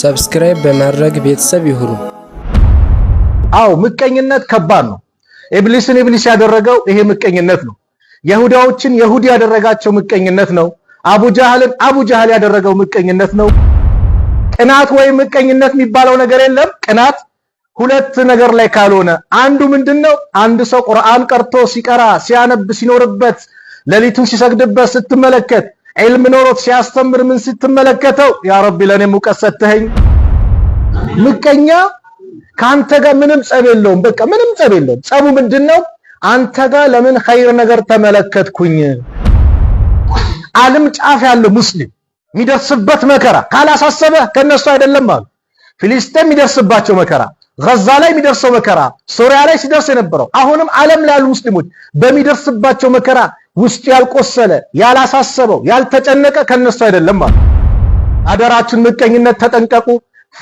ሰብስክራይብ በማድረግ ቤተሰብ ይሁኑ። አው ምቀኝነት ከባድ ነው። ኢብሊስን ኢብሊስ ያደረገው ይሄ ምቀኝነት ነው። የሁዳዎችን የሁድ ያደረጋቸው ምቀኝነት ነው። አቡ ጃህልን አቡ ያደረገው ምቀኝነት ነው። ቅናት ወይም ምቀኝነት የሚባለው ነገር የለም። ቅናት ሁለት ነገር ላይ ካልሆነ አንዱ ምንድነው? አንድ ሰው ቁርአን ቀርቶ ሲቀራ ሲያነብ ሲኖርበት ሌሊቱን ሲሰግድበት ስትመለከት ዒልም ኖሮት ሲያስተምር ምን ስትመለከተው ያ ረቢ ለኔም እውቀት ሰተኸኝ። ምቀኛ ከአንተ ጋር ምንም ጸብ የለውም፣ በቃ ምንም ጸብ የለውም። ጸቡ ምንድነው? አንተ ጋር ለምን ኸይር ነገር ተመለከትኩኝ። ዓለም ጫፍ ያለው ሙስሊም የሚደርስበት መከራ ካላሳሰበ ከነሱ አይደለም አሉ። ፊሊስጤም የሚደርስባቸው መከራ፣ ጋዛ ላይ የሚደርሰው መከራ፣ ሶሪያ ላይ ሲደርስ የነበረው አሁንም ዓለም ላይ ያሉ ሙስሊሞች በሚደርስባቸው መከራ ውስጥ ያልቆሰለ ያላሳሰበው ያልተጨነቀ ከነሱ አይደለም ማለት አደራችን ምቀኝነት ተጠንቀቁ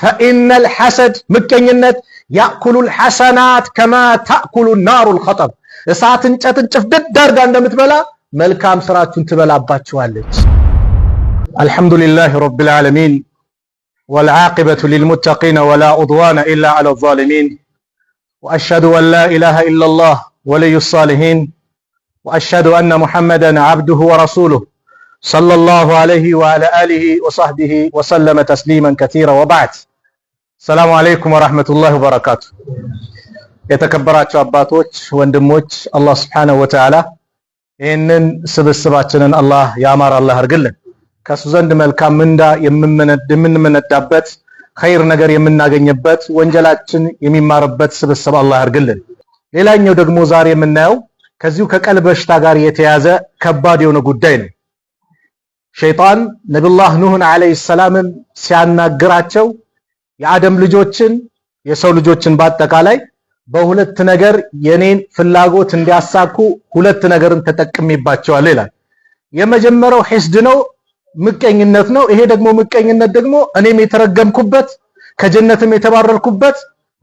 ፈኢነል ሐሰድ ምቀኝነት ያእኩሉል ሐሰናት ከማ ታእኩሉ ናሩል ኸጠብ እሳት እንጨትን ጭፍድድ አድርጋ እንደምትበላ መልካም ስራችሁን ትበላባችኋለች አልሐምዱሊላህ ረብል ዓለሚን ወልዓቂበቱ ሊልሙተቂነ ወላ ዑድዋነ ኢላ ዐለዛሊሚን ወአሽሀዱ አን ላ ኢላሃ ኢለላህ ወልዩ ሳሊሒን وأشهد أن محمدا عبده ورسوله صلى الله عليه وعلى آله وصحبه وسلم تسليما كثيرا وبعد السلام عليكم ورحمة الله وبركاته የተከበራቸው አባቶች ወንድሞች አላህ Subhanahu Wa Ta'ala ይህንን ስብስባችንን አላህ ያማር አላህ አድርግልን ከሱ ዘንድ መልካም ምንዳ የምንመነዳበት ኸይር ነገር የምናገኝበት ወንጀላችን የሚማርበት ስብስብ አላህ አድርግልን ሌላኛው ደግሞ ዛሬ የምናየው ከዚሁ ከቀልብ በሽታ ጋር የተያዘ ከባድ የሆነ ጉዳይ ነው። ሸይጣን ነቢዩላህ ኑህን ዓለይሂ ሰላምን ሲያናግራቸው የአደም ልጆችን የሰው ልጆችን በአጠቃላይ በሁለት ነገር የኔን ፍላጎት እንዲያሳኩ ሁለት ነገርን ተጠቅሚባቸዋል ይላል። የመጀመሪያው ሒስድ ነው፣ ምቀኝነት ነው። ይሄ ደግሞ ምቀኝነት ደግሞ እኔም የተረገምኩበት ከጀነትም የተባረርኩበት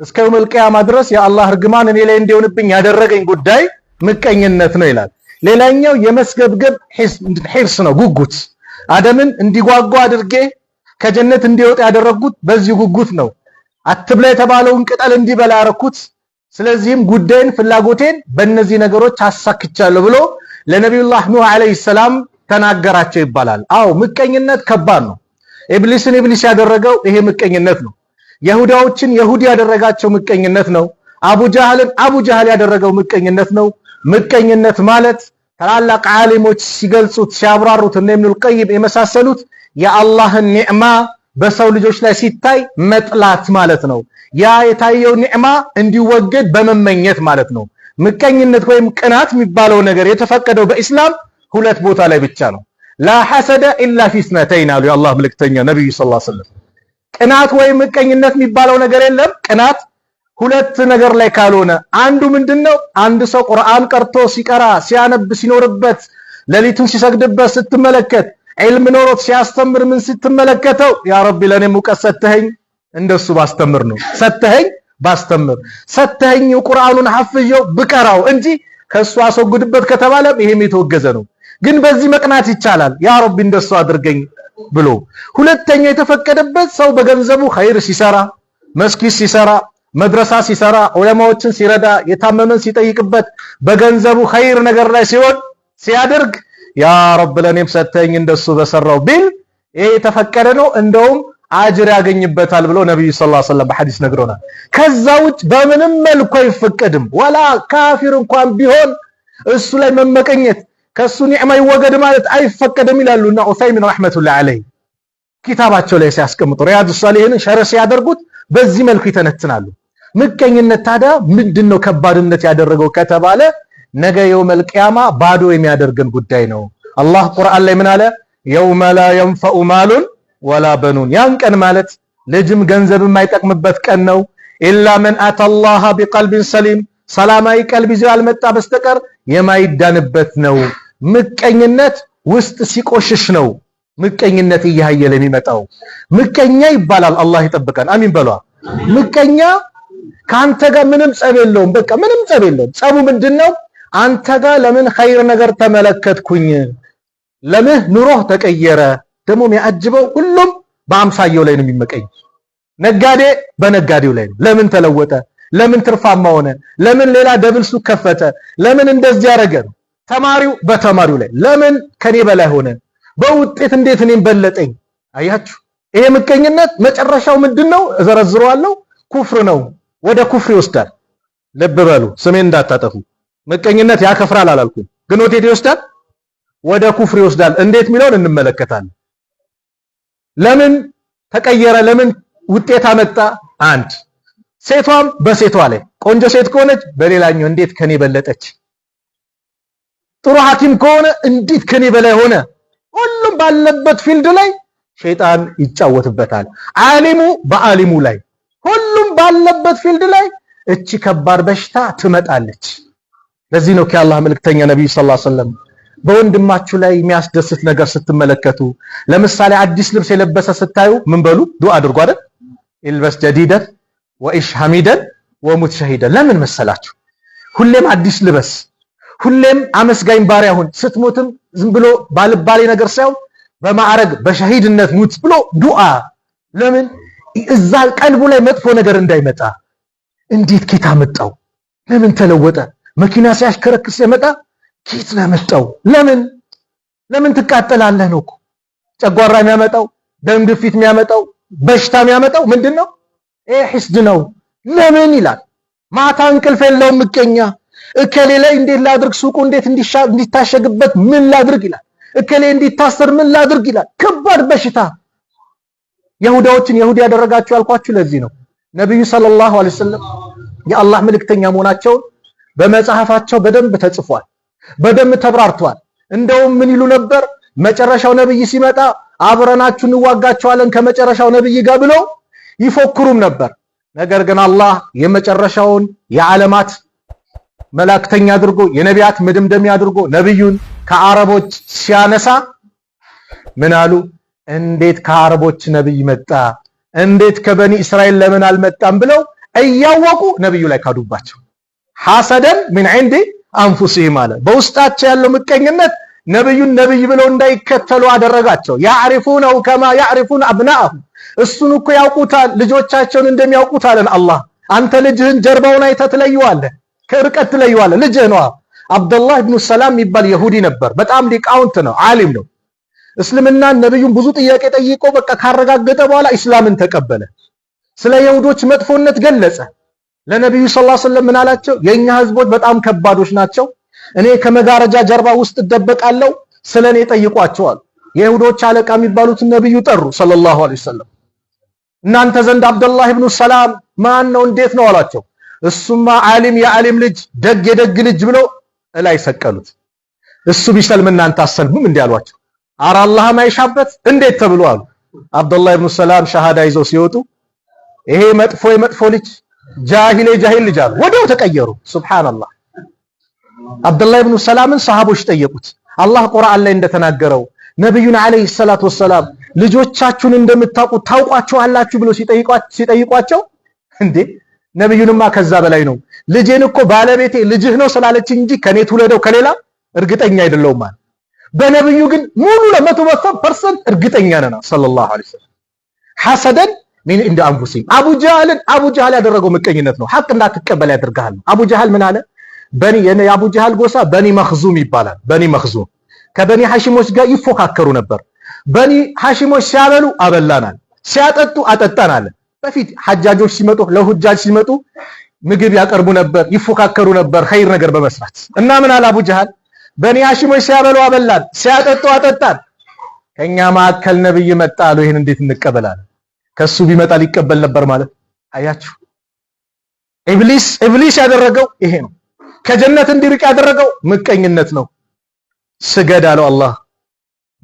እስከ የውመል ቂያማ ድረስ የአላህ እርግማን እኔ ላይ እንዲሆንብኝ ያደረገኝ ጉዳይ ምቀኝነት ነው ይላል። ሌላኛው የመስገብገብ ሒርስ ነው፣ ጉጉት። አደምን እንዲጓጓ አድርጌ ከጀነት እንዲወጣ ያደረግኩት በዚህ ጉጉት ነው። አትብላ የተባለውን ቅጠል እንዲበላ ያረኩት። ስለዚህም ጉዳይን፣ ፍላጎቴን በእነዚህ ነገሮች አሳክቻለሁ ብሎ ለነቢዩላህ ኑህ ዓለይሂ ሰላም ተናገራቸው ይባላል። አዎ ምቀኝነት ከባድ ነው። ኢብሊስን ኢብሊስ ያደረገው ይሄ ምቀኝነት ነው። የሁዳዎችን የሁድ ያደረጋቸው ምቀኝነት ነው። አቡ ጃህልን አቡ ጃህል ያደረገው ምቀኝነት ነው። ምቀኝነት ማለት ታላላቅ ዓሊሞች ሲገልጹት ሲያብራሩት እነ ኢብኑል ቀይም የመሳሰሉት የአላህን ኒዕማ በሰው ልጆች ላይ ሲታይ መጥላት ማለት ነው። ያ የታየው ኒዕማ እንዲወገድ በመመኘት ማለት ነው። ምቀኝነት ወይም ቅናት የሚባለው ነገር የተፈቀደው በኢስላም ሁለት ቦታ ላይ ብቻ ነው። ላ ሐሰደ ኢላ ፊ ስነተይን አሉ የአላህ መልእክተኛ ነብዩ ሰለላሁ ዐለይሂ ወሰለም። ቅናት ወይም ምቀኝነት የሚባለው ነገር የለም። ቅናት ሁለት ነገር ላይ ካልሆነ አንዱ ምንድነው? አንድ ሰው ቁርአን ቀርቶ ሲቀራ ሲያነብ ሲኖርበት ሌሊቱን ሲሰግድበት ስትመለከት ዒልም ኖሮት ሲያስተምር ምን ስትመለከተው ያ ረቢ ለኔም እውቀት ሰተኸኝ እንደሱ ባስተምር ነው ሰተኸኝ ባስተምር ሰተኸኝ ቁርአኑን ሐፍዤው ብቀራው እንጂ ከሱ አስወግድበት ከተባለ ይሄም የተወገዘ ነው። ግን በዚህ መቅናት ይቻላል። ያ ረቢ እንደሱ አድርገኝ ብሎ ሁለተኛ የተፈቀደበት ሰው በገንዘቡ ኸይር ሲሰራ መስጊድ ሲሰራ መድረሳ ሲሰራ ዑለማዎችን ሲረዳ የታመመን ሲጠይቅበት በገንዘቡ ኸይር ነገር ላይ ሲሆን ሲያደርግ ያ ረብ ለኔም ሰተኝ እንደሱ በሰራው ቢል ይሄ የተፈቀደ ነው፣ እንደውም አጅር ያገኝበታል ብሎ ነብዩ ሰለላሁ ዐለይሂ ወሰለም በሐዲስ ነግሮናል። ከዛ ውጭ በምንም መልኩ አይፈቀድም። ወላ ካፊር እንኳን ቢሆን እሱ ላይ መመቀኘት ከሱ ኒዕማ ይወገድ ማለት አይፈቀድም ይላሉና ዑሰይሚን ረህመቱላሂ ዐለይሂ ኪታባቸው ላይ ሲያስቀምጡ ሪያዱ ሷሊሂን ሸርህ ሲያደርጉት በዚህ መልኩ ይተነትናሉ። ምቀኝነት ታዲያ ምንድን ነው ከባድነት ያደረገው ከተባለ ነገ የውመል ቂያማ ባዶ የሚያደርገን ጉዳይ ነው። አላህ ቁርአን ላይ ምን አለ? የውመ ላ የንፈዑ ማሉን ወላ በኑን። ያን ቀን ማለት ልጅም ገንዘብ የማይጠቅምበት ቀን ነው። ኢላ መን አተላህ ቢቀልቢን ሰሊም፣ ሰላማዊ ቀልብ ይዞ ያልመጣ በስተቀር የማይዳንበት ነው። ምቀኝነት ውስጥ ሲቆሽሽ ነው ምቀኝነት እያየለ የሚመጣው ምቀኛ ይባላል። አላህ ይጠብቀን። አሚን በሏ ምቀኛ ከአንተ ጋር ምንም ጸብ የለውም። በቃ ምንም ጸብ የለውም። ጸቡ ምንድነው? አንተ ጋር ለምን ኸይር ነገር ተመለከትኩኝ? ለምን ኑሮህ ተቀየረ? ደግሞ የሚያጅበው ሁሉም በአምሳየው ላይ ነው የሚመቀኝ። ነጋዴ በነጋዴው ላይ ነው። ለምን ተለወጠ? ለምን ትርፋማ ሆነ? ለምን ሌላ ደብል ሱቅ ከፈተ? ለምን እንደዚህ ያደረገ ነው? ተማሪው በተማሪው ላይ ለምን ከኔ በላይ ሆነ? በውጤት እንዴት እኔም በለጠኝ? አያችሁ፣ ይሄ ምቀኝነት መጨረሻው ምንድነው? እዘረዝረዋለሁ፣ ኩፍር ነው። ወደ ኩፍር ይወስዳል። ልብ በሉ፣ ስሜን እንዳታጠፉ። ምቀኝነት ያከፍራል አላልኩም፣ ግን ወዴት ይወስዳል? ወደ ኩፍር ይወስዳል። እንዴት የሚለውን እንመለከታለን። ለምን ተቀየረ? ለምን ውጤት አመጣ? አንድ ሴቷም በሴቷ ላይ ቆንጆ ሴት ከሆነች በሌላኛው እንዴት ከኔ በለጠች? ጥሩ ሐኪም ከሆነ እንዴት ከኔ በላይ ሆነ? ሁሉም ባለበት ፊልድ ላይ ሸይጣን ይጫወትበታል። አሊሙ በአሊሙ ላይ ሁሉ ባለበት ፊልድ ላይ እቺ ከባድ በሽታ ትመጣለች። ለዚህ ነው ከአላህ መልእክተኛ ነብዩ ሰለላሁ ዐለይሂ ወሰለም በወንድማችሁ ላይ የሚያስደስት ነገር ስትመለከቱ፣ ለምሳሌ አዲስ ልብስ የለበሰ ስታዩ ምን በሉ? ዱአ አድርጉ አይደል? ኢልበስ ጀዲደን ወኢሽ ሐሚደን ወሙት ሸሂደን። ለምን መሰላችሁ? ሁሌም አዲስ ልበስ፣ ሁሌም አመስጋኝ ባሪያ ሁን። ስትሞትም ዝም ብሎ ባልባሌ ነገር ሳይሆን በማዕረግ በሸሂድነት ሙት ብሎ ዱአ ለምን እዛ ቀልቡ ላይ መጥፎ ነገር እንዳይመጣ። እንዴት ኬት መጣው? ለምን ተለወጠ? መኪና ሲያሽከረክስ ሲመጣ ኬት ነው ለምን ለምን ትቃጠላለህ ነው እኮ። ጨጓራ የሚያመጣው ደም ግፊት የሚያመጣው በሽታ የሚያመጣው ምንድን ነው? ይሄ ሒስድ ነው። ለምን ይላል። ማታ እንቅልፍ የለውም ምቀኛ። እከሌ ላይ እንዴት ላድርግ፣ ሱቁ እንዴት እንዲታሸግበት ምን ላድርግ ይላል። እከሌ እንዲታሰር ምን ላድርግ ይላል። ከባድ በሽታ የሁዳዎችን የሁዲ ያደረጋቸው ያልኳችሁ ለዚህ ነው። ነብዩ ሰለላሁ ዐለይሂ ወሰለም የአላህ መልእክተኛ መሆናቸውን በመጽሐፋቸው በደንብ ተጽፏል፣ በደንብ ተብራርቷል። እንደውም ምን ይሉ ነበር? መጨረሻው ነብይ ሲመጣ አብረናችሁ እንዋጋቸዋለን ከመጨረሻው ነብይ ጋር ብለው ይፎክሩም ነበር። ነገር ግን አላህ የመጨረሻውን የዓለማት መልእክተኛ አድርጎ የነቢያት መደምደሚያ አድርጎ ነብዩን ከአረቦች ሲያነሳ ምን አሉ? እንዴት ከአረቦች ነብይ መጣ እንዴት ከበኒ እስራኤል ለምን አልመጣም ብለው እያወቁ ነብዩ ላይ ካዱባቸው። ሐሰደን ምን ዒንዲ አንፉሲሂም አለ በውስጣቸው ያለው ምቀኝነት ነብዩን ነብይ ብለው እንዳይከተሉ አደረጋቸው። ያዕሪፉነው ከማ ያዕሪፉን አብናአሁ እሱን እኮ ያውቁታል ልጆቻቸውን እንደሚያውቁት አለን አላህ። አንተ ልጅህን ጀርባውን አይተህ ትለየዋለህ፣ ከርቀት ትለየዋለህ። ልጅህ ነው አብደላህ ኢብኑ ሰላም የሚባል የሁዲ ነበር። በጣም ሊቃውንት ነው፣ ዓሊም ነው። እስልምናን ነብዩን ብዙ ጥያቄ ጠይቆ በቃ ካረጋገጠ በኋላ ኢስላምን ተቀበለ። ስለ የሁዶች መጥፎነት ገለጸ። ለነብዩ ሰለላሁ ዐለይሂ ወሰለም ምን አላቸው? የኛ ህዝቦች በጣም ከባዶች ናቸው። እኔ ከመጋረጃ ጀርባ ውስጥ እደበቃለሁ፣ ስለ እኔ ጠይቋቸዋል። የይሁዶች አለቃ የሚባሉት ነብዩ ጠሩ ሰለላሁ ዐለይሂ ወሰለም። እናንተ ዘንድ አብደላህ ኢብኑ ሰላም ማን ነው? እንዴት ነው አላቸው። እሱማ ዓሊም የዓሊም ልጅ ደግ የደግ ልጅ ብሎ እላይ ሰቀሉት። እሱ ቢሰልም እናንተ አሰልሙም እንዲያሏቸው አረ አላህም አይሻበት እንዴት ተብሎ አሉ። አብዱላህ ኢብኑ ሰላም ሸሃዳ ይዘው ሲወጡ ይሄ መጥፎ የመጥፎ ልጅ ጃሂል የጃሂል ልጅ አሉ። ወዲያው ተቀየሩ። ሱብሃንአላህ። አብዱላህ ኢብኑ ሰላምን ሰሃቦች ጠየቁት። አላህ ቁርአን ላይ እንደተናገረው ነብዩን አለይሂ ሰላቱ ወሰላም ልጆቻችሁን እንደምታውቁ ታውቋቸዋላችሁ ብሎ ሲጠይቋቸው እንዴ ነብዩንማ ከዛ በላይ ነው ልጄን እኮ ባለቤቴ ልጅህ ነው ስላለች እንጂ ከኔ ትውለደው ከሌላ እርግጠኛ አይደለሁም ማለት በነብዩ ግን ሙሉ ለመቶ መቶ ፐርሰንት እርግጠኛ ነና ሰለላሁ ዐለይሂ ወሰለም ሐሰደን ሚን እንደ አንፉሲም አቡ ጀህልን አቡ ያደረገው ምቀኝነት ነው። ሐቅ እንዳትቀበል ያደርጋል። አቡ ጀህል ምን አለ? በኒ የነ አቡ ጎሳ በኒ መኽዙም ይባላል። በኒ መኽዙም ከበኒ ሐሺሞች ጋር ይፎካከሩ ነበር። በኒ ሐሺሞች ሲያበሉ አበላናል፣ ሲያጠጡ አጠጣናል። በፊት ሐጃጆች ሲመጡ ለሁጃጅ ሲመጡ ምግብ ያቀርቡ ነበር፣ ይፎካከሩ ነበር ኸይር ነገር በመስራት እና ምን አለ አቡ በእኔ ሐሽሞች ሲያበሉ አበላን፣ ሲያጠጡ አጠጣን። ከኛ መካከል ነብይ መጣ አሉ። ይሄን እንዴት እንቀበላለን? ከሱ ቢመጣ ሊቀበል ነበር ማለት አያችሁ። ኢብሊስ ኢብሊስ ያደረገው ይሄ ነው። ከጀነት እንዲርቅ ያደረገው ምቀኝነት ነው። ስገድ አለው አላህ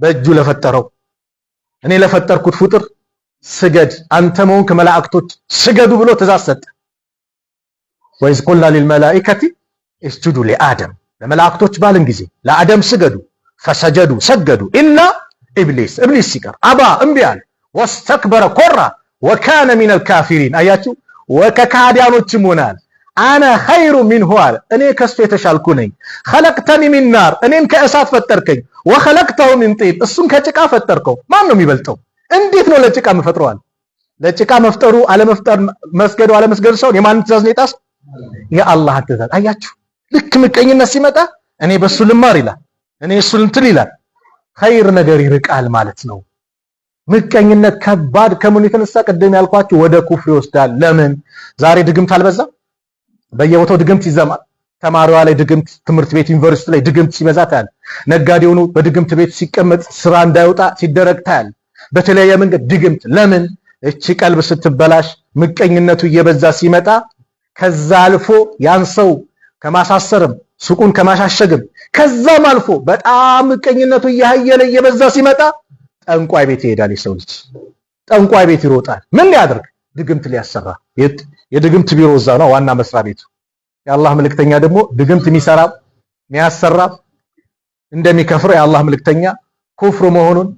በእጁ ለፈጠረው እኔ ለፈጠርኩት ፍጡር ስገድ፣ አንተ መሆንክ መላእክቶች ስገዱ ብሎ ትእዛዝ ሰጠ። ወይዝ ቁልና ሊልመላኢከቲ እስጁዱ ሊአደም ለመላእክቶች ባልን ጊዜ ለአደም ስገዱ ፈሰጀዱ ሰገዱ ኢላ ኢብሊስ ኢብሊስ ሲቀር አባ እምቢ አለ ወስተክበረ ኮራ ወካነ ሚነል ካፊሪን አያችሁ ወከካዲያኖችም ሆናል አነ ኸይሩ ሚንሁ አለ እኔ ከሱ የተሻልኩ ነኝ ኸለቅተኒ ሚን ናር እኔን ከእሳት ፈጠርከኝ ወኸለቅተሁ ሚን ጢን እሱን ከጭቃ ፈጠርከው ማን ነው የሚበልጠው እንዴት ነው ለጭቃ የምፈጥረዋል ለጭቃ መፍጠሩ አለመፍጠር መስገዱ አለመስገዱ ሰውን የማን ትእዛዝ ነው የጣስ የአላህ ትእዛዝ አያችሁ ልክ ምቀኝነት ሲመጣ እኔ በሱ ልማር ይላል፣ እኔ እሱ እንትን ይላል። ኸይር ነገር ይርቃል ማለት ነው። ምቀኝነት ከባድ ከምን የተነሳ ቅድም ያልኳችሁ ወደ ኩፍር ይወስዳል። ለምን ዛሬ ድግምት አልበዛ? በየቦታው ድግምት ይዘማል። ተማሪዋ ላይ ድግምት፣ ትምህርት ቤት ዩኒቨርሲቲ ላይ ድግምት ሲበዛ ታያል። ነጋዴው ነው በድግምት ቤት ሲቀመጥ ስራ እንዳይወጣ ሲደረግ ታያል። በተለያየ መንገድ ድግምት። ለምን እቺ ቀልብ ስትበላሽ ምቀኝነቱ እየበዛ ሲመጣ ከዛ አልፎ ያን ሰው ከማሳሰርም ሱቁን ከማሻሸግም ከዛም አልፎ በጣም ምቀኝነቱ እያየለ እየበዛ ሲመጣ ጠንቋይ ቤት ይሄዳል። የሰው ልጅ ጠንቋይ ቤት ይሮጣል። ምን ሊያደርግ? ድግምት ሊያሰራ። የድግምት ቢሮ እዛ ነው ዋና መስሪያ ቤቱ። የአላህ ምልክተኛ ደግሞ ድግምት የሚሰራ የሚያሰራ እንደሚከፍር የአላህ ምልክተኛ ኩፍር መሆኑን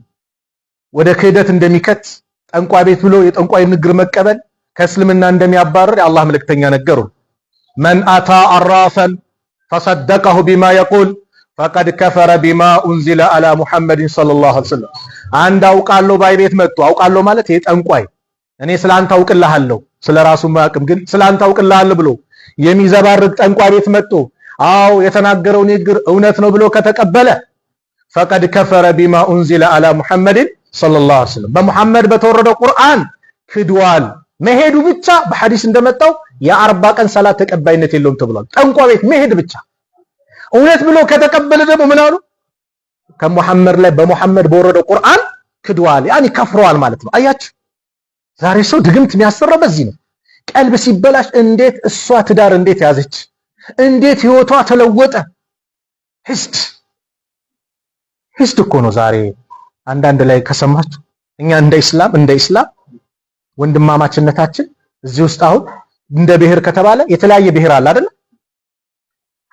ወደ ክህደት እንደሚከት ጠንቋይ ቤት ብሎ የጠንቋይ ንግር መቀበል ከእስልምና እንደሚያባርር የአላህ ምልክተኛ ነገሩ። መን አታ አራፈን ፈሰደቀሁ ቢማ የቁል ፈቀድ ከፈረ ቢማ ኡንዚለ አላ ሙሐመድን ሰለላሁ ዐለይሂ ወሰለም። አንድ አውቃለሁ ባይ ቤት መጥቶ አውቃለሁ ማለት ይሄ እኔ ስለ አውቅልሃለሁ ስለ ራሱ ማቅም ግን ስለ አውቅልሃለሁ ብሎ የሚዘባርቅ ጠንቋይ ቤት መጥቶ አዎ የተናገረው ንግግር እውነት ነው ብሎ ከተቀበለ ፈቀድ ከፈረ ቢማ ኡንዚለ አላ ሙሐመድን ሰለላሁ ዐለይሂ ወሰለም። በሙሐመድ በተወረደው ቁርአን ክድዋል። መሄዱ ብቻ በሐዲስ እንደመጣው የአርባ ቀን ሰላት ተቀባይነት የለውም ተብሏል። ጠንቋ ቤት መሄድ ብቻ። እውነት ብሎ ከተቀበለ ደግሞ ምን አሉ? ከሙሐመድ ላይ በሙሐመድ በወረደው ቁርአን ክድዋል፣ ያኔ ከፍረዋል ማለት ነው። አያችሁ፣ ዛሬ ሰው ድግምት የሚያሰራ በዚህ ነው። ቀልብ ሲበላሽ እንዴት እሷ ትዳር እንዴት ያዘች፣ እንዴት ህይወቷ ተለወጠ። ህስድ ህስድ እኮ ነው ዛሬ አንዳንድ ላይ ከሰማችሁ እኛ እንደ ኢስላም እንደ ኢስላም ወንድማማችነታችን እዚህ ውስጥ አሁን እንደ ብሔር ከተባለ የተለያየ ብሔር አለ አይደል?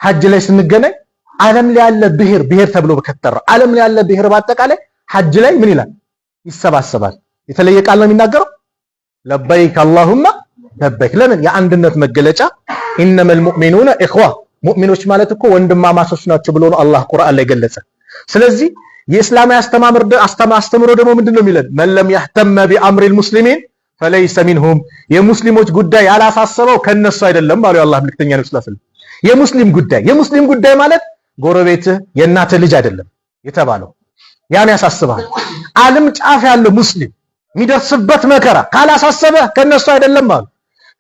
ሐጅ ላይ ስንገናኝ ዓለም ላይ ያለ ብሔር ብሔር ተብሎ ከተጠራ ዓለም ላይ ያለ ብሔር በአጠቃላይ ሐጅ ላይ ምን ይላል? ይሰባሰባል። የተለየ ቃል ነው የሚናገረው። ለበይክ አላሁማ ለበይክ። ለምን? የአንድነት መገለጫ ኢነመል ሙእሚኑነ ኢኽዋ፣ ሙእሚኖች ማለት እኮ ወንድማማቾች ናቸው ብሎ ነው አላህ ቁርአን ላይ ገለጸ። ስለዚህ የእስላማዊ አስተምሮ ደግሞ ምንድን ነው የሚለን? መን ለም ቢአምሪል ሙስሊሚን ፈለይሰ ሚንሁም የሙስሊሞች ጉዳይ ያላሳሰበው ከነሱ አይደለም ባሉ የአላህ መልክተኛ ነብዩ ሰለላሁ ዐለይሂ ወሰለም። የሙስሊም ጉዳይ የሙስሊም ጉዳይ ማለት ጎረቤትህ የእናትህ ልጅ አይደለም የተባለው ያን ያሳስባል። ዓለም ጫፍ ያለው ሙስሊም የሚደርስበት መከራ ካላሳሰበ ከነሱ አይደለም አሉ።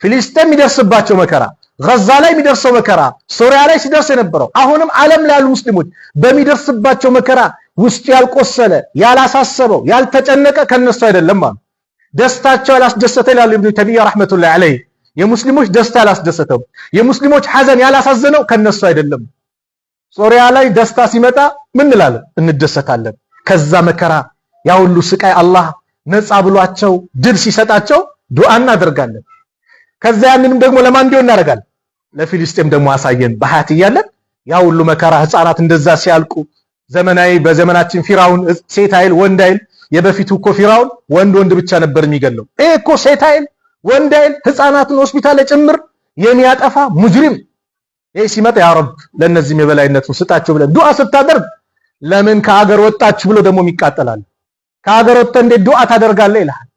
ፊሊስጤም የሚደርስባቸው መከራ፣ ገዛ ላይ የሚደርሰው መከራ፣ ሶሪያ ላይ ሲደርስ የነበረው አሁንም ዓለም ላይ ያሉ ሙስሊሞች በሚደርስባቸው መከራ ውስጡ ያልቆሰለ ያላሳሰበው ያልተጨነቀ ከነሱ አይደለም አሉ። ደስታቸው ያላስደሰተ ይላሉ ኢብኑ ተይሚያ ረህመቱላሂ ዐለይህ። የሙስሊሞች ደስታ ያላስደሰተው የሙስሊሞች ሐዘን ያላሳዘነው ከነሱ አይደለም። ሶሪያ ላይ ደስታ ሲመጣ ምን እንላለን? እንደሰታለን። ከዛ መከራ ያ ሁሉ ስቃይ አላህ ነፃ ብሏቸው ድል ሲሰጣቸው ዱዓ እናደርጋለን። ከዛ ያንንም ደግሞ ለማን እንዲሆን እናደርጋለን? ለፊልስጤም ደግሞ አሳየን። በሐያት እያለን ያ ሁሉ መከራ ህፃናት እንደዛ ሲያልቁ ዘመናዊ በዘመናችን ፊራውን ሴት አይል ወንድ አይል የበፊቱ እኮ ፊራውን ወንድ ወንድ ብቻ ነበር የሚገለው። ይሄ እኮ ሴት አይል ወንድ አይል ህፃናትን ሆስፒታል ጭምር የሚያጠፋ ሙጅሪም። ይሄ ሲመጣ ያ ረብ ለእነዚህም የበላይነቱን ስጣቸው ብለን ዱዓ ስታደርግ ለምን ከአገር ወጣችሁ ብሎ ደግሞ የሚቃጠላል። ከአገር ወጥተህ እንዴት ዱዓ ታደርጋለህ ይልሃል።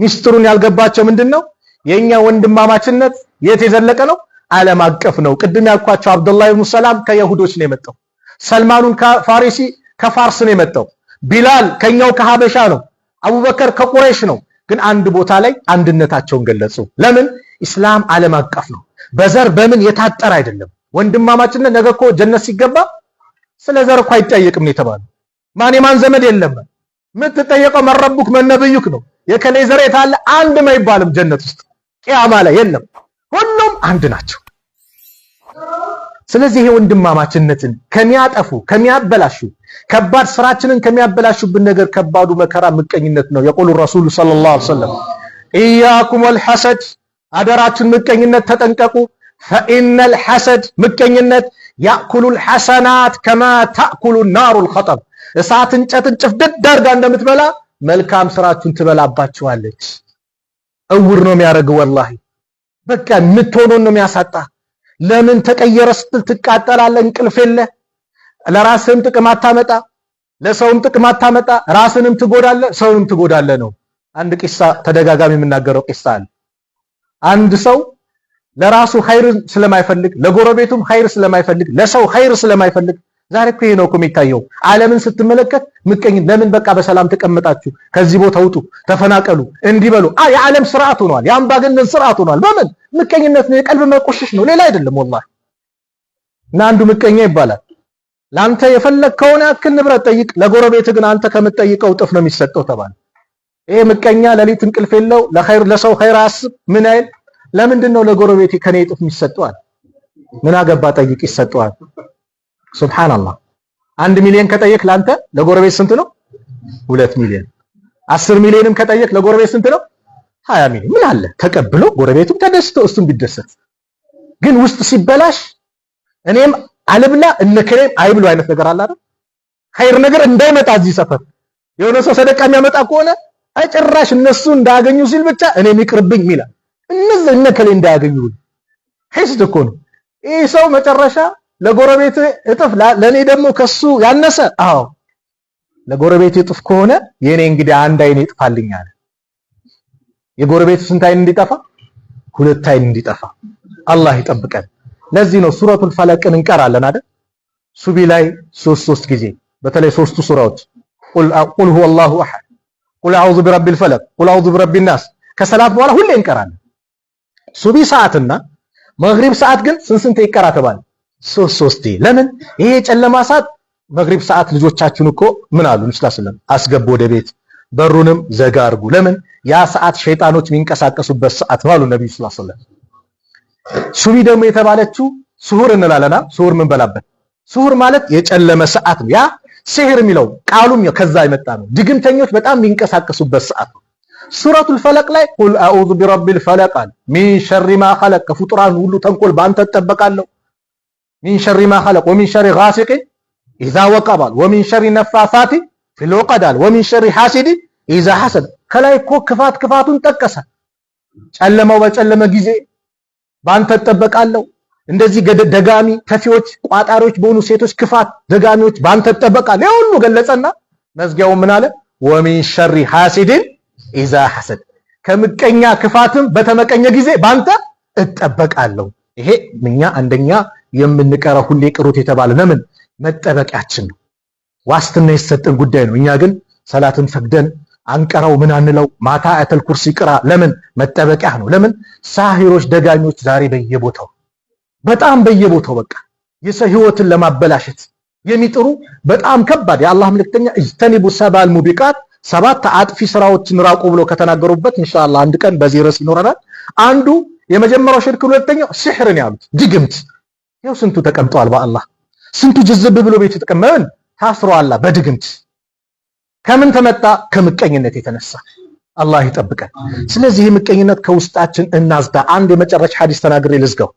ሚስጥሩን ያልገባቸው ምንድነው? የኛ ወንድማማችነት የት የዘለቀ ነው? ዓለም አቀፍ ነው። ቅድም ያልኳቸው አብዱላህ ኢብኑ ሰላም ከየሁዶች ነው የመጣው። ሰልማኑን ከፋሪሲ ከፋርስ ነው የመጣው። ቢላል ከኛው ከሀበሻ ነው። አቡበከር ከቁረይሽ ነው። ግን አንድ ቦታ ላይ አንድነታቸውን ገለጹ። ለምን? ኢስላም ዓለም አቀፍ ነው። በዘር በምን የታጠረ አይደለም። ወንድማማችነት ነገ እኮ ጀነት ሲገባ ስለ ዘር እኮ አይጠየቅም ነው የተባለው። ማን የማን ዘመድ የለም። የምትጠየቀው መረቡክ መነብዩክ ነው። የከሌ ዘር አለ አንድም አይባልም ጀነት ውስጥ ቂያማ ላይ የለም። ሁሉም አንድ ናቸው። ስለዚህ ይሄ ወንድማማችነትን ከሚያጠፉ ከሚያበላሹ ከባድ ስራችንን ከሚያበላሹብን ነገር ከባዱ መከራ ምቀኝነት ነው። የቆሉ ረሱሉ ሰለላሁ ዐለይሂ ወሰለም ኢያኩም ወልሐሰድ፣ አደራችን ምቀኝነት ተጠንቀቁ። ፈኢነል ሐሰድ፣ ምቀኝነት ያእኩሉል ልሐሰናት ከማ ታእኩሉ ናሩል ልኸጠብ፣ እሳት እንጨትን ጭፍድድ ዳርጋ እንደምትበላ መልካም ስራችሁን ትበላባችኋለች። እውር ነው የሚያደርግ ወላሂ፣ በቃ የምትሆነውን ነው የሚያሳጣ። ለምን ተቀየረ ስትል ትቃጠላለህ፣ እንቅልፍ የለህ ለራስህም ጥቅም አታመጣ፣ ለሰውም ጥቅም አታመጣ፣ ራስንም ትጎዳለ ሰውንም ትጎዳለ ነው። አንድ ቂሳ ተደጋጋሚ የምናገረው ቂሳ አለ። አንድ ሰው ለራሱ ኸይር ስለማይፈልግ፣ ለጎረቤቱም ኸይር ስለማይፈልግ፣ ለሰው ኸይር ስለማይፈልግ ዛሬ እኮ ይሄ ነው እኮ የሚታየው። ዓለምን ስትመለከት ምቀኝ ለምን በቃ በሰላም ተቀመጣችሁ፣ ከዚህ ቦታ ውጡ፣ ተፈናቀሉ፣ እንዲበሉ የዓለም ስርዓት ሆኗል። የአምባገነን ስርዓት ሆኗል። በምን ምቀኝነት ነው? የቀልብ መቆሸሽ ነው፣ ሌላ አይደለም። ወላሂ እና አንዱ ምቀኛ ይባላል። ለአንተ የፈለግከውን ያክል ንብረት ጠይቅ፣ ለጎረቤት ግን አንተ ከምትጠይቀው እጥፍ ነው የሚሰጠው ተባለ። ይሄ ምቀኛ ሌሊት እንቅልፍ የለው ለኸይር ለሰው ኸይር አስብ ምን አይል። ለምንድን ነው ለጎረቤት ከኔ እጥፍ የሚሰጠዋል? ምን አገባ ጠይቅ ይሰጠዋል። ሱብሃንአላህ። አንድ ሚሊዮን ከጠየቅ ላንተ ለጎረቤት ስንት ነው? ሁለት ሚሊዮን። አስር ሚሊዮንም ከጠየቅ ለጎረቤት ስንት ነው? ሀያ ሚሊዮን። ምን አለ ተቀብሎ ጎረቤቱም ተደስቶ እሱም ቢደሰት ግን ውስጥ ሲበላሽ እኔም አልብላ እነከሌም አይብሉ አይነት ነገር አለ አይደል? ኸይር ነገር እንዳይመጣ እዚህ ሰፈር የሆነ ሰው ሰደቃ የሚያመጣ ከሆነ አጭራሽ እነሱ እንዳያገኙ ሲል ብቻ እኔ ይቅርብኝ ሚላ እነዚህ እነከሌ እንዳያገኙ ሂስድ እኮ ነው። ይህ ሰው መጨረሻ ለጎረቤት እጥፍ ለእኔ ደግሞ ከሱ ያነሰ። አዎ ለጎረቤት እጥፍ ከሆነ የእኔ እንግዲህ አንድ አይኔ ይጥፋልኝ አለ። የጎረቤቱ ስንት አይን እንዲጠፋ? ሁለት አይን እንዲጠፋ አላህ ይጠብቀን። ለዚህ ነው ሱረቱል ፈለቅን እንቀራለን አይደል? ሱቢ ላይ ሶስት ሶስት ጊዜ በተለይ ሶስቱ ሱራዎች ቁል ሁወ አላሁ አሐድ፣ ቁል አዑዙ ቢረቢል ፈለቅ፣ ቁል አዑዙ ቢረቢል ናስ ከሰላት በኋላ ሁሌ እንቀራለን። ሱቢ ሰዓትና መግሪብ ሰዓት ግን ስንት ስንት ይቀራ ተባለ? ሶስት ሶስት። ለምን ይሄ የጨለማ ሰዓት መግሪብ ሰዓት ልጆቻችን እኮ ምን አሉ? ስላስለም አስገቡ ወደ ቤት በሩንም ዘጋ አድርጉ። ለምን ያ ሰዓት ሸይጣኖች የሚንቀሳቀሱበት ሰዓት ነው አሉ ነብዩ ስላስለም ሱቢ ደግሞ የተባለችው ስሁር እንላለና ስሁር የምንበላበት ስሁር ማለት የጨለመ ሰዓት ነው። ያ ሲህር የሚለው ቃሉም ከዛ የመጣ ነው። ድግምተኞች በጣም የሚንቀሳቀሱበት ሰዓት ነው። ሱረቱል ፈለቅ ላይ ቁል አዑዙ ቢረቢል ፈለቅ አለ። ሚን ሸሪ ማ ኸለቅ ከፍጡራን ሁሉ ተንኮል በአንተ እጠበቃለሁ። ሚን ሸሪ ማ ኸለቅ ወሚን ሸሪ ጋሲቂን ኢዛ ወቀብ ወሚን ሸሪ ነፋሳቲ ፊል ዑቀድ ወሚን ሸሪ ሐሲዲ ኢዛ ሐሰድ። ከላይ እኮ ክፋት ክፋቱን ጠቀሰ። ጨለማው በጨለመ ጊዜ በአንተ እጠበቃለሁ። እንደዚህ ደጋሚ ተፊዎች፣ ቋጣሪዎች በሆኑ ሴቶች ክፋት ደጋሚዎች በአንተ እጠበቃለሁ። ይሄ ሁሉ ገለጸና መዝጊያው ምን አለ? ወሚን ሸሪ ሐሲድን ኢዛ ሐሰድ፣ ከምቀኛ ክፋትም በተመቀኘ ጊዜ በአንተ እጠበቃለሁ። ይሄ እኛ አንደኛ የምንቀረው ሁሌ ቅሩት የተባለ ለምን መጠበቂያችን ነው፣ ዋስትና የተሰጠን ጉዳይ ነው። እኛ ግን ሰላትን ፈግደን አንቀራው ምን አንለው ማታ አተል ኩርሲ ቅራ ለምን መጠበቂያ ነው። ለምን ሳሂሮች ደጋኞች ዛሬ በየቦታው በጣም በየቦታው በቃ የሰው ህይወትን ለማበላሸት የሚጥሩ በጣም ከባድ የአላህ ምልክተኛ እጅተኒቡ ሰባል ሙቢቃት ሰባት አጥፊ ስራዎችን ራቁ ብሎ ከተናገሩበት ኢንሻአላህ አንድ ቀን በዚህ ርዕስ ይኖረናል። አንዱ የመጀመሪያው ሽርክ፣ ሁለተኛው ሲህርን ያሉት ድግምት። ያው ስንቱ ተቀምጠዋል በአላህ ስንቱ ጅዝብ ብሎ ቤት የተቀመጠን ታስሯል በድግምት ከምን ተመጣ? ከምቀኝነት የተነሳ አላህ ይጠብቀን። ስለዚህ ምቀኝነት ከውስጣችን እናዝዳ። አንድ የመጨረሻ ሐዲስ ተናግሬ ልዝጋው።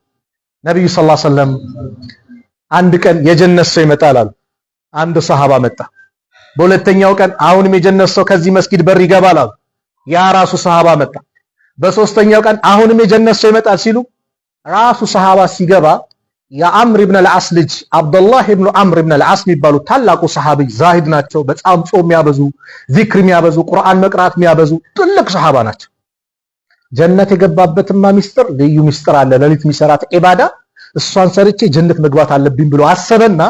ነብዩ ሰለላሁ ዐለይሂ ወሰለም አንድ ቀን የጀነት ሰው ይመጣል አሉ። አንድ ሰሃባ መጣ። በሁለተኛው ቀን አሁንም የጀነት ሰው ከዚህ መስጊድ በር ይገባል አሉ። ያ ራሱ ሰሃባ መጣ። በሶስተኛው ቀን አሁንም የጀነት ሰው ይመጣል ሲሉ ራሱ ሰሃባ ሲገባ የአምር ብን ልዓስ ልጅ አብደላህ ብኑ አምር ብን ልዓስ የሚባሉ ታላቁ ሰሓቢ ዛሂድ ናቸው። በጣም ጾም የሚያበዙ ዚክር የሚያበዙ ቁርአን መቅራት የሚያበዙ ትልቅ ሰሃባ ናቸው። ጀነት የገባበትማ ሚስጥር ልዩ ሚስጥር አለ። ሌሊት የሚሰራት ኢባዳ እሷን ሰርቼ ጀነት መግባት አለብኝ ብሎ አሰበና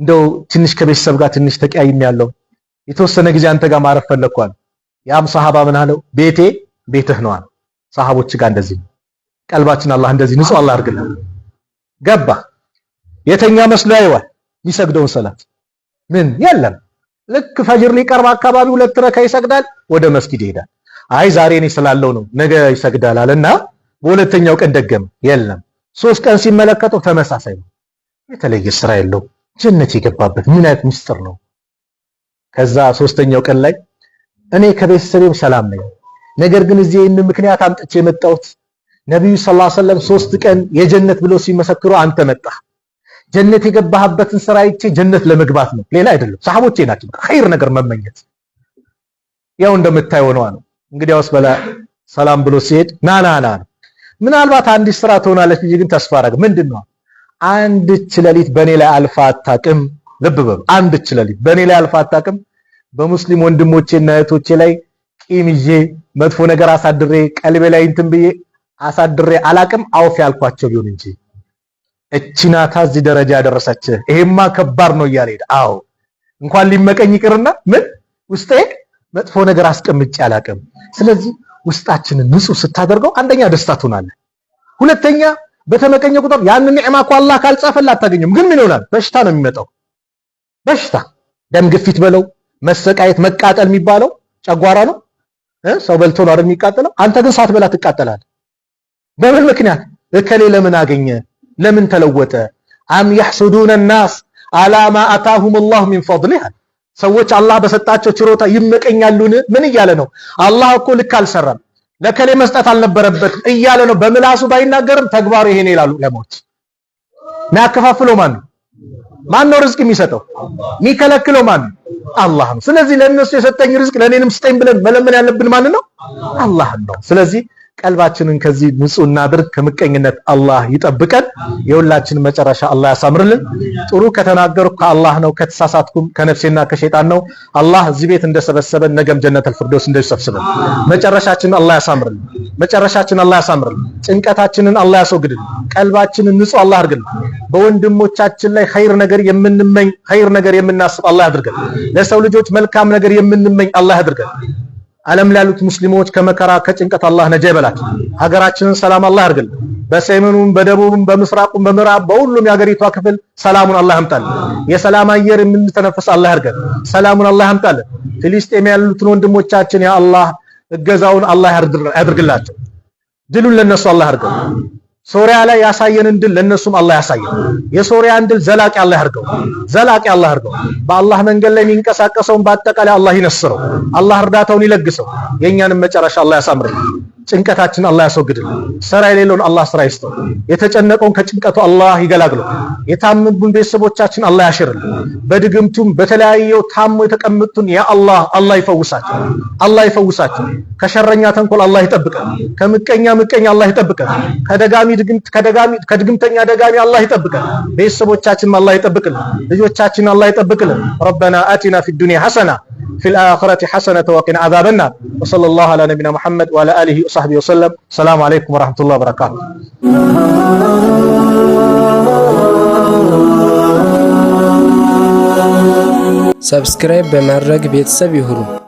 እንደው ትንሽ ከቤተሰብ ጋር ትንሽ ተቀያይም ያለው የተወሰነ ጊዜ አንተ ጋር ማረፍ ፈለግኳል። ያም ሰሓባ ምን አለው? ቤቴ ቤትህ ነዋል። ሰሓቦች ጋር እንደዚህ ቀልባችን አላህ እንደዚህ ንጹህ አላህ አድርግልን። ገባ። የተኛ መስሎ ያየዋል የሚሰግደውን ሰላት ምን የለም። ልክ ፈጅር ሊቀርብ አካባቢ ሁለት ረካ ይሰግዳል፣ ወደ መስጊድ ይሄዳል። አይ ዛሬ እኔ ስላለው ነው ነገ ይሰግዳል አለና በሁለተኛው ቀን ደገመ፣ የለም። ሶስት ቀን ሲመለከተው ተመሳሳይ ነው። የተለየ ስራ የለው። ጀነት የገባበት ምን አይነት ምስጢር ነው? ከዛ ሶስተኛው ቀን ላይ እኔ ከቤተሰቤም ሰላም ነኝ፣ ነገር ግን እዚህ ይህን ምክንያት አምጥቼ የመጣሁት ነቢዩ ሰለላሁ ዐለይሂ ወሰለም ሶስት ቀን የጀነት ብለው ሲመሰክሩ አንተ መጣህ። ጀነት የገባህበትን ስራ አይቼ ጀነት ለመግባት ነው፣ ሌላ አይደለም። ሰሐቦቼ ናቸው። ኸይር ነገር መመኘት ያው እንደምታየው ነው። እንግዲያውስ በላ ሰላም ብሎ ሲሄድ ና ና ና ምናልባት አንዲት ስራ ትሆናለች ብዬ ግን ተስፋ አረግ። ምንድን ነው አንድች በኔ ላይ አልፋ አታውቅም። ልብ በሉ፣ አንድች በኔ ላይ አልፋ አታውቅም። በሙስሊም ወንድሞቼና እህቶቼ ላይ ቂምዬ መጥፎ ነገር አሳድሬ ቀልቤ ላይ እንትን ብዬ አሳድሬ አላቅም አውፍ ያልኳቸው ቢሆን እንጂ እቺናታ እዚህ ደረጃ ያደረሰች ይሄማ ከባድ ነው እያለ ሄደ። አዎ እንኳን ሊመቀኝ ይቅርና ምን ውስጤ መጥፎ ነገር አስቀምጬ አላቅም። ስለዚህ ውስጣችንን ንጹህ ስታደርገው አንደኛ ደስታ ትሆናለ። ሁለተኛ በተመቀኘ ቁጥር ያን ኒዕማ እኮ አላህ ካልጻፈልህ አታገኝም። ግን ምን ይሆናል? በሽታ ነው የሚመጣው። በሽታ ደም ግፊት በለው መሰቃየት፣ መቃጠል የሚባለው ጨጓራ ነው። ሰው በልቶ ነው አይደል የሚቃጠለው? አንተ ግን ሳትበላ ትቃጠላለህ። በምን ምክንያት እከሌ ለምን አገኘ ለምን ተለወጠ አም يحسدون الناس على ما اتاهم الله من فضله ሰዎች አላህ በሰጣቸው ችሮታ ይመቀኛሉን ምን እያለ ነው አላህ እኮ ልክ አልሰራም ለከሌ መስጠት አልነበረበትም እያለ ነው በምላሱ ባይናገርም ተግባሩ ይሄ ነው ይላሉ ለሞት ሚያከፋፍለው ማን ነው ማን ነው ርዝቅ የሚሰጠው የሚከለክለው ማን ነው አላህ ነው ስለዚህ ለእነሱ የሰጠኝ ርዝቅ ለእኔንም ስጠኝ ብለን መለመን ያለብን ማን ነው አላህ ነው ስለዚህ ቀልባችንን ከዚህ ንጹህ እናድርግ። ከምቀኝነት አላህ ይጠብቀን። የሁላችንን መጨረሻ አላህ ያሳምርልን። ጥሩ ከተናገርኩ ከአላህ ነው፣ ከተሳሳትኩም ከነፍሴና ከሸይጣን ነው። አላህ እዚህ ቤት እንደሰበሰበን ነገም ጀነት አልፍርዶስ እንደሰብስበን። መጨረሻችንን አላህ ያሳምርልን። መጨረሻችንን አላህ ያሳምርልን። ጭንቀታችንን አላህ ያስወግድልን። ቀልባችንን ንጹህ አላህ አድርግልን። በወንድሞቻችን ላይ ኸይር ነገር የምንመኝ ኸይር ነገር የምናስብ አላህ ያድርገን። ለሰው ልጆች መልካም ነገር የምንመኝ አላህ ያድርገን። ዓለም ላሉት ሙስሊሞች ከመከራ ከጭንቀት አላህ ነጃ ይበላት። ሀገራችንን ሰላም አላህ ያርግል። በሰሜኑም በደቡብም በምስራቁም በምዕራብ በሁሉም የሀገሪቷ ክፍል ሰላሙን አላህ ያምጣል። የሰላም አየር የምንተነፍስ አላህ ያርገን። ሰላሙን አላህ ያምጣል። ፊሊስጤም ያሉትን ወንድሞቻችን ያ አላህ እገዛውን አላህ ያድርግላቸው። ድሉን ለነሱ አላህ ያርገው። ሶሪያ ላይ ያሳየንን ድል ለነሱም አላህ ያሳየን። የሶሪያን ድል ዘላቂ አላህ ያርገው፣ ዘላቂ አላህ ያርገው። በአላህ መንገድ ላይ የሚንቀሳቀሰውን በአጠቃላይ አላህ ይነስረው፣ አላህ እርዳታውን ይለግሰው። የእኛንም መጨረሻ አላህ ያሳምርልን። ጭንቀታችን አላህ ያስወግድልን። ስራ የሌለውን አላህ ስራ ይስጠው። የተጨነቀውን ከጭንቀቱ አላህ ይገላግለው። የታመሙን ቤተሰቦቻችን አላህ ያሽርልን። በድግምቱም በተለያየው ታሞ የተቀመጡን ያ አላህ አላህ ይፈውሳቸው፣ አላህ ይፈውሳቸው። ከሸረኛ ተንኮል አላህ ይጠብቀን። ከምቀኛ ምቀኛ አላህ ይጠብቀን። ከደጋሚ ድግምት ከደጋሚ ከድግምተኛ ደጋሚ አላህ ይጠብቀን። ቤተሰቦቻችንም አላህ ይጠብቅልን። ልጆቻችን አላህ ይጠብቅልን። ረበና አቲና ፊ ዱንያ ሐሰና في الآخرة حسنة وقنا عذاب النار وصلى الله على نبينا محمد وعلى آله وصحبه وسلم السلام عليكم ورحمة الله وبركاته سبسكرايب بمرق ቤተሰብ